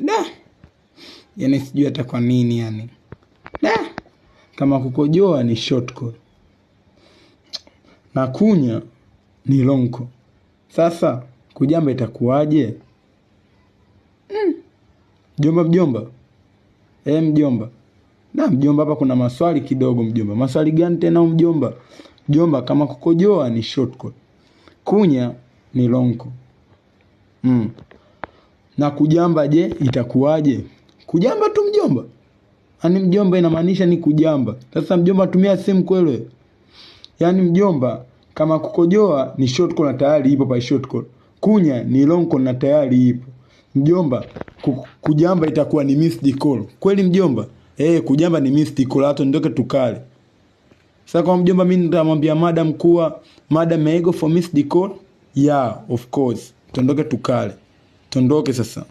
Da. yani sijui hata kwa nini yani. Da. Kama kukojoa ni shortcut. Na kunya ni lonko. Sasa kujamba itakuwaje? Mm. Mjomba mjomba. E, mjomba. Na mjomba, hapa kuna maswali kidogo mjomba. Maswali gani tena mjomba? Mjomba, kama kukojoa ni shortcut. Kunya ni lonko. Mm. Na kujamba je, itakuwaje? Kujamba tu mjomba. Yaani mjomba inamaanisha ni kujamba. Sasa mjomba tumia simu kwelwe Yaani mjomba kama kukojoa ni short call na tayari ipo by short call. Kunya ni long call na tayari ipo. Mjomba kujamba itakuwa ni missed call. Kweli mjomba? Eh, kujamba ni missed call hata ndoke tukale. Sasa kwa mjomba mimi nitamwambia madam kuwa madam ego for missed call. Yeah, of course. Tondoke tukale. Tuondoke sasa